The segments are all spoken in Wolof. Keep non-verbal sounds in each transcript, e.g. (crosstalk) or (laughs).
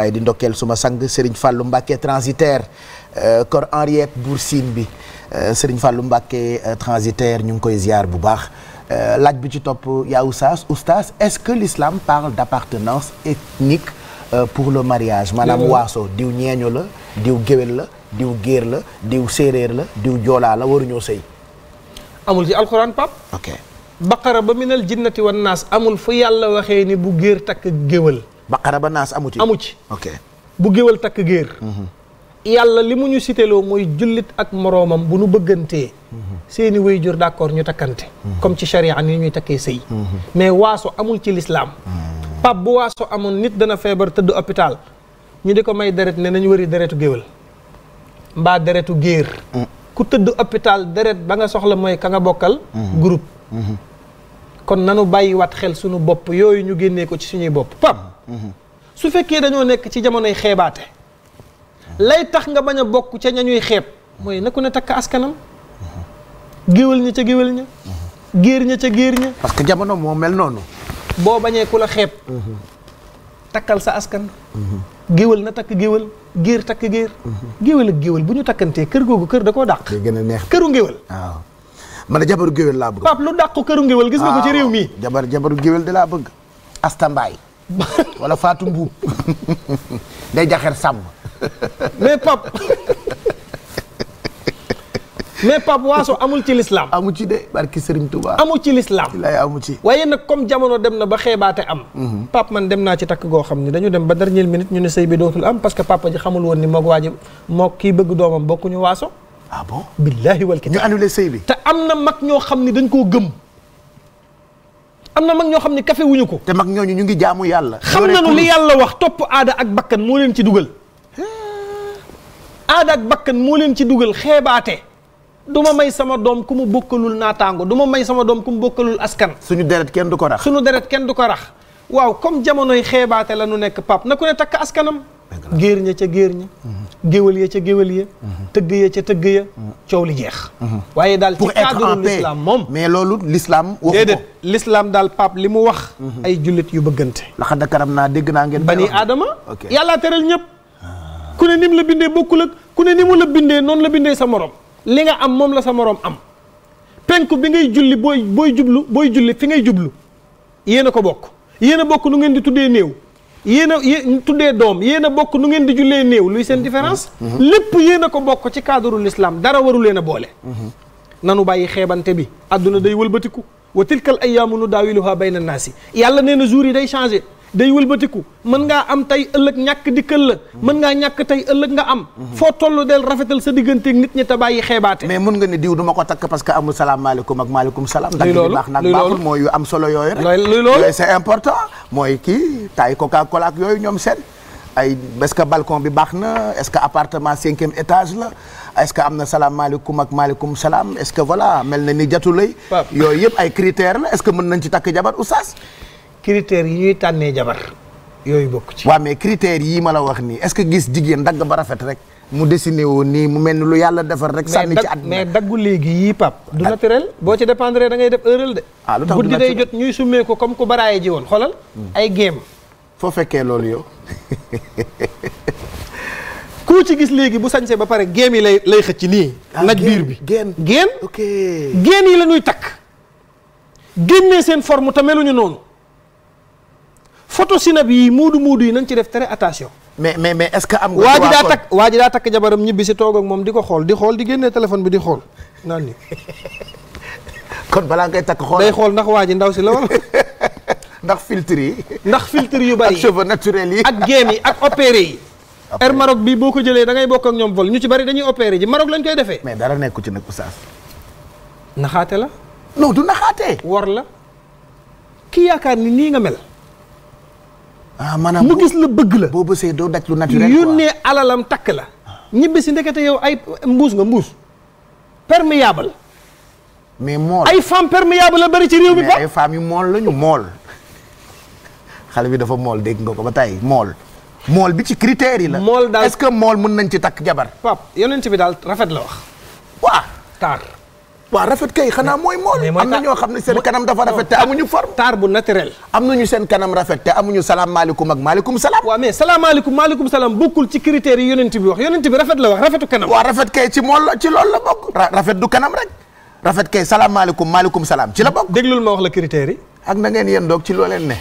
waaye di ndokkeel suma sang Serigne Fallou Mbacké transitaire kor euh, Henriette Bour Sine bi euh, Serigne fàllu Mbacké euh, transitaire ñu ngi koy ziar bu baax laaj bi ci topp yaa oustaz est-ce que l'islam parle d'appartenance ethnique pour le mariage maanaam waaso diw ñeeño la diw géwél la diw géer la diw séeréer la diw joolaa la waruñoo sëy amul fu yàlla waxee ni bu géer takk géwél baqara ba naas amu ci amu ci bu géwal takk géer mhm. yàlla li mu ñu siteloo mooy jullit ak moroomam bu nu bëggantee mhm. seeni waajur d'accord ñu takkante mhm. comme ci charia ni ñuy takkee sëy mais waaso amul ci lislaam pap bu waaso amoon nit dana feebar tëdd hôpital ñu di ko may deret ne nañ wëri deretu géwal mbaa deretu géer mm. ku tëdd hôpital deret ba nga soxla mooy ka nga bokkal mm. groupe kon nanu bàyyiwaat xel suñu bopp yooyu ñu génnee ko ci suñuy bopp su fekkee dañoo nekk ci jamonoy xeebaate lay tax nga bañ a bokk ca ñañuy xeeb mooy na ku ne takk askanam géwél ña ca géwél ña géer ña ca géer ña parce que jamono moo mel noonu boo bañee ku la xeeb takkal sa askan géwél na takk géwél géer takk géer géwél ak bu ñu takkantee kër googu kër da koo dàq gën neex këru géwél waaw man a jabaru lu dàq këru géwél gis nga ko ci réew mii jabar jabaru géwél di laa bëgg Asta Mbaye wala faatu Mbuub day jaxer sàmm mais pap mais pap waaso amul ci l'islam amu ci de barki Serigne Touba amu ci l'islam lay amu ci waaye nag comme jamono dem na ba xeebaate am mhm. pap man dem naa ci takk goo xam ne dañu dem ba dernière minute ñu ne sëy bi dootul am parce que papa ji xamul woon ni mook waa ji mook kii bëgg doomam bokkuñu waaso ah billaahi wal ñu annulé sëy bi te am na mag ñoo xam ne dañ koo gëm am na mag ñoo xam ne kafewuñu ko. te mag ñooñu ñu ngi jaamu yàlla. xam nañu li yàlla wax topp aada ak bakkan moo leen ci dugal. aada ak bakkan moo leen ci dugal xeebaate. du ma may sama doom ku mu bokkalul naataango du ma may sama doom ku mu bokkalul askan. suñu deret kenn du ko rax. suñu deret kenn du ko rax. waaw comme jamonoy xeebaate la nu nekk pap na ku ne takk askanam. géer ña ca géer ña mhm. géwél ya ca géwél ya mhm. tëgg ya ca tëgg ya mhm. coow li jeex waaye daal ci cadre l'islam moom mais loolu l'islam waxu ko déedéet daal pape li mu wax ay jullit yu bëggante laxad karam naa dégg naa ngeen bani aadama yàllaa teral ñëpp ah. ku ne nim la bindee bokkul ak ku ne ni mu la bindee noonu la bindee sa morom li nga am moom la sa morom am penku bi ngay julli booy booy jublu booy julli fi ngay jublu yéen a ko bokk yéen a bokk nu ngeen di tuddee néew yéen a yéen tuddee doom yéen a bokk nu ngeen di jullee néew luy seen différence lépp yéen ko bokk ci cadre l'islam dara waru leen a boole nanu bàyyi xeebante bi àdduna day wëlbatiku wa tilkal ayyaamu nudaawiluhaa bayna naasi yàlla nee na jours yi day changé day wëlbatiku mën ngaa am tey ëllëg ñàkk dikkal la mën ngaa ñàkk tey ëllëg nga am foo toll del rafetal sa digganteeg nit ñi te bàyyi xeebaate mais mën nga ne diw du ko takk parce que amul salaam ndax mooy kii taay Coca Cola ak yooyu ñoom seen ay est-ce que bi baax na est-ce que appartement cinquième étage la est-ce que am na salaamaaleykum ak maaleykum salaam est-ce que voilà mel na ni jatulay yooyu yëpp ay critères la est-ce que mën nañ ci takk jabar oustaz critères yi ñuy tànnee jabar yooyu bokk ci. waaw mais critères yii ma la wax nii est-ce que gis jigéen dagg ba rafet rek mu dessiné woon nii mu mel ni lu yàlla defar rek. sànni ci àdduna na daggu léegi yii pap du ah. naturel boo ci dépendre dangay def erreur de. ah lu tax jot ñuy summee ko comme ku baraaye ji woon xoolal. Hmm. ay géem. foo fekkee loolu yow. (laughs) ku ci gis léegi bu sañsee ba pare géem yi lay lay xëcc nii. Ah, nag bi géen géen. ok géen yi la ñuy takk. génnee seen forme te meluñu noonu. photo sinab yi muudu muudu yi nañ ci def très attention. mais mais mais est-ce que am nga. waa ji daa takk waa ji daa takk jabaram ñibbi si toog ak moom di ko xool di xool di génnee téléphone bi di xool naan ni. (laughs) balaa ngay takk xool day xool ndax waa ji ndaw si la wala. (laughs) ndax filtre yi. ndax filtre yu bari (laughs) ak cheveux naturels yi. ak géem yi ak opéré yi. Air Maroc bi boo ko jëlee da ngay bokk ak ñoom vol ñu ci bari dañuy opéré ji Maroc lañ koy defee. mais dara nekku ci nag oustaz. naxaate la. non du naxaate. war la. ki yaakaar ni nii nga mel. ah maanaam mu gis la bëgg la. boobu bësee doo daj lu naturel quoi yónnee alalam takk la. Ah. ñibbi si ndekete yow ay mbuus nga mbuus. perméable. mais mool ay femme perméable la bëri ci réew mi ba. ay femmes yu mool lañu mool. xale bi dafa mool dégg nga ko ba tey mool. mool bi ci critères yi la. mool daal est-ce que mool mun nañ ci takk jabar. yeneen yonent bi daal rafet la wax. waa taar. waaw rafet kay xanaa mooy mool am na ñoo xam ne seen kanam dafa rafet te amuñu forme taar bu naturel am ñu seen kanam rafet te amuñu salaamaaleykum maaleykum salaam waaw maaleykum salaam bokkul ci critères yi yonent bi wax yonent bi rafet la wax rafetu kanam waaw rafet kay ci mool la ci loolu la bokk rafet du kanam rek rafet kay salaamaaleykum maaleykum salaam ci la bokk déglul ma wax la critères yi ak na ngeen yéen doog ci loo leen ne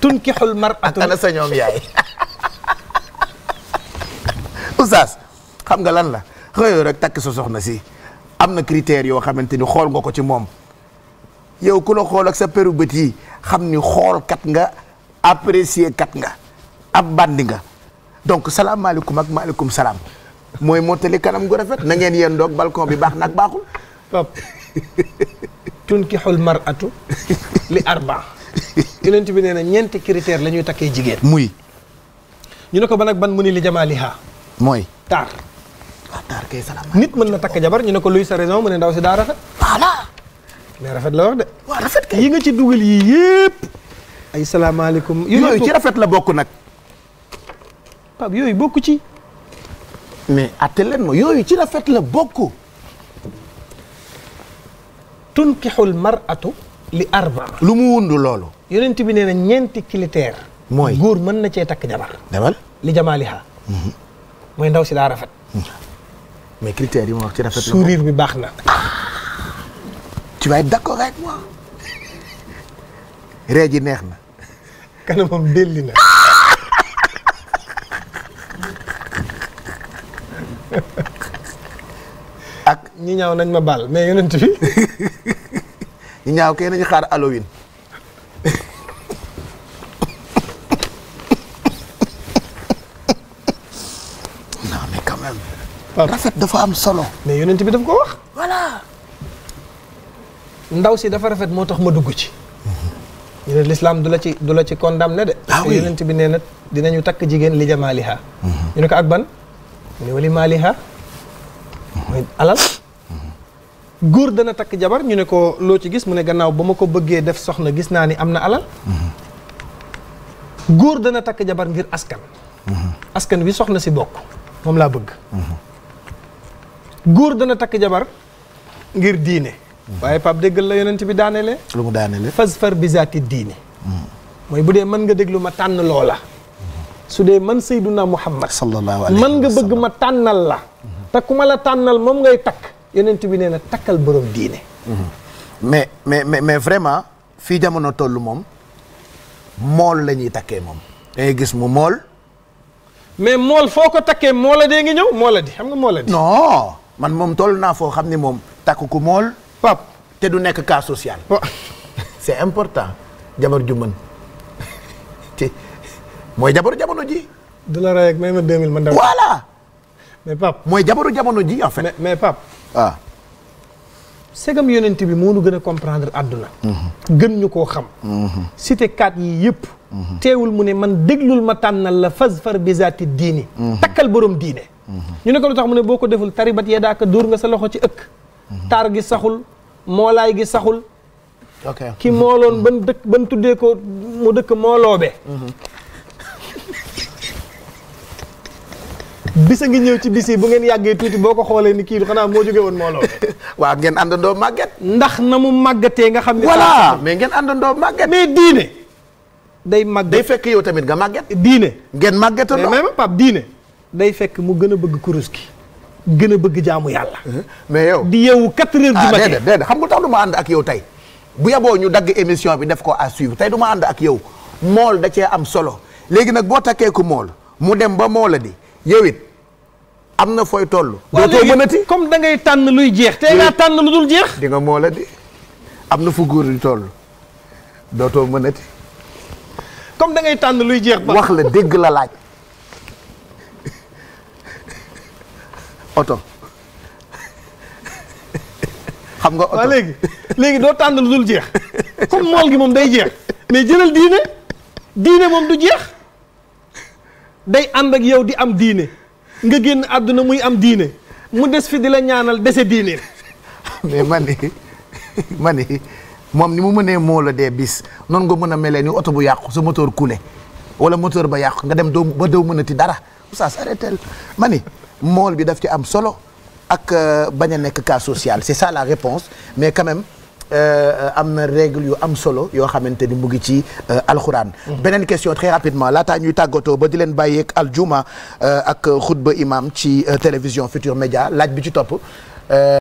tunkixul mar'atu ana sa ñoom yaay oustaz xam nga lan la rek takk sa soxna si am na critères yoo xamante ni xool nga ko ci moom yow ku la xool ak sa peru bët yi xam ni xoolkat nga apprécier kat nga ab bandi nga donc salaamaaleykum ak maaleykum salaam mooy mottali kanam gu rafet na ngeen yéen doog balcon bi baax nag baaxul. pap tunkixul mar'atu li arba yonent bi nee na ñeenti critères la ñuy takkee jigéen. muy. ñu ne ko ban ak ban mu ni li jamaaliha mooy taar. nit mën na takk jabar ñu ne ko luy sa raison mu ne ndaw si daa rafet. voilà. mais rafet la wax de. waaw yi nga ci dugal yii yëpp. ay salaamaaleykum. yooyu ci rafet la bokk nag. Pape yooyu bokk ci. mais atte yooyu ci rafet la bokk. tunkixul mar'atu li arba. lu mu wundu loolu. yonent bi ne na ñeenti critère. mooy góor mën na cee takk jabar. demal li jamaaliha. Mhm. mooy ndaw si daa rafet. Mhm. mais critères yi wax ci rafet na sourire bi baax na. Ah. tu vas être d'accord avec ree ji neex na. kanamam delli na. (laughs) ak ñi ñaaw nañ ma baal mais yonent bi. (laughs) ñi ñaaw kay nañu xaar Halloween. rafet dafa am solo. mais yonent bi daf ko wax. voilà. ndaw si dafa rafet moo tax ma dugg ci. l'islam du ci du la ci condamné de. ah oui yonent bi nee na dinañu takk jigéen li jamaaliha. Mhm. ñu ne ko ak ban. mu ne wali maaliha. alal. góor dana takk jabar ñu ne ko loo ci gis mu ne gannaaw ba ma ko bëggee def soxna gis naa ni am na alal. Mhm. góor dana takk jabar ngir askan. Mhm. askan wi soxna si bokk moom laa bëgg. góor dana takk jabar ngir diine waaye Pape déggal la yonent bi daaneele lu mu daaneele fasfar bizaati diine mooy bu dee mën nga déglu ma tànn la su dee man sayduna muhammad sallallahu alayhi man nga bëgg ma tànnal la te ma la tànnal moom ngay takk yonent bi nee na takkal borom diine mais mais mais vraiment fii jamono toll moom mool la ñuy takkee moom dangay gis mu mool mais mool foo ko takkee moola dee ngi ñëw moola di xam nga moola di man moom toll naa foo xam ni moom takk ku mool pap te du nekk cas social (laughs) c'est important jabar ju mën ci (laughs) mooy jabaru jamono ji du la rey ak may ma deux mille man dem voilà mais pap mooy jabaru jamono ji en fait mais, mais pap ah. segam yonent bi moo nu gën a comprendre àdduna mm-hmm. gën ñu koo xam mm-hmm. cité kat yii yëpp mm-hmm. teewul mu ne man déglul ma tànnal la fas far bisaati diini takkal borom diine ñu ne ko lu tax mu ne boo ko deful taribat yee daaka dóor nga sa loxo ci ëkk taar gi saxul moolaay gi saxul ki mooloon ban dëkk ban tuddee ko mu dëkk mooloo bis a ngi ñëw ci bis bu ngeen yàggee tuuti boo ko xoolee ni kii du xanaa moo jógee woon mooloo (laughs) waaw ngeen àndandoo màgget ndax na mu màggatee nga xam ne voilà ngeen àndandoo màgget mais diine day fekk yow tamit nga màgget diine ngeen màggetandoo mais même Pape diine day fekk mu gën a bëgg kurus gi gën a bëgg jaamu yàlla. Mhm. mais yow di yeewu quatre heures du ah, matin. déedéet déedéet xam nga tax du ma ànd ak yow tey bu yaboo ñu dagg émission bi def ko à suivre tey du ma ànd ak yow mool da cee am solo léegi nag boo takkee ku mool mu dem ba moola di yow it am na fooy toll. dootoo mënati comme da ngay tànn luy jeex. tey ngaa tànn lu dul jeex. di nga moola di am na fu góor di toll dootoo mënati. comme da ngay tànn luy jeex ba. wax la dégg la laaj. oto xam nga oto léegi léegi doo tànn lu dul jeex comme mool gi moom day jeex mais jëlal diine diine moom du jeex day ànd ak yow di am diine nga génn àdduna muy am diine mu des fi di la ñaanal dese diine. mais man ni moom ni mu mënee moo la dee bis noon nga mën a melee ni oto bu yàqu sa moteur coulé wala motoor ba yàqu nga dem doo ba doo mënati dara oustaz arrêtel ma ni mool bi daf ci am solo ak euh, bañ a nekk cas social c'est ça la réponse mais quand même euh, am na règle yu am solo yoo xamante ni mu ngi ci euh, alxuraan. Mhm. beneen question très rapidement laataa ñuy tàggatoo ba di leen bàyyeeg aljuma ak xutba imam ci télévision Futur Média laaj bi ci topp.